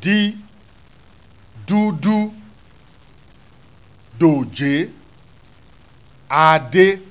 di dúdú dòjé adé.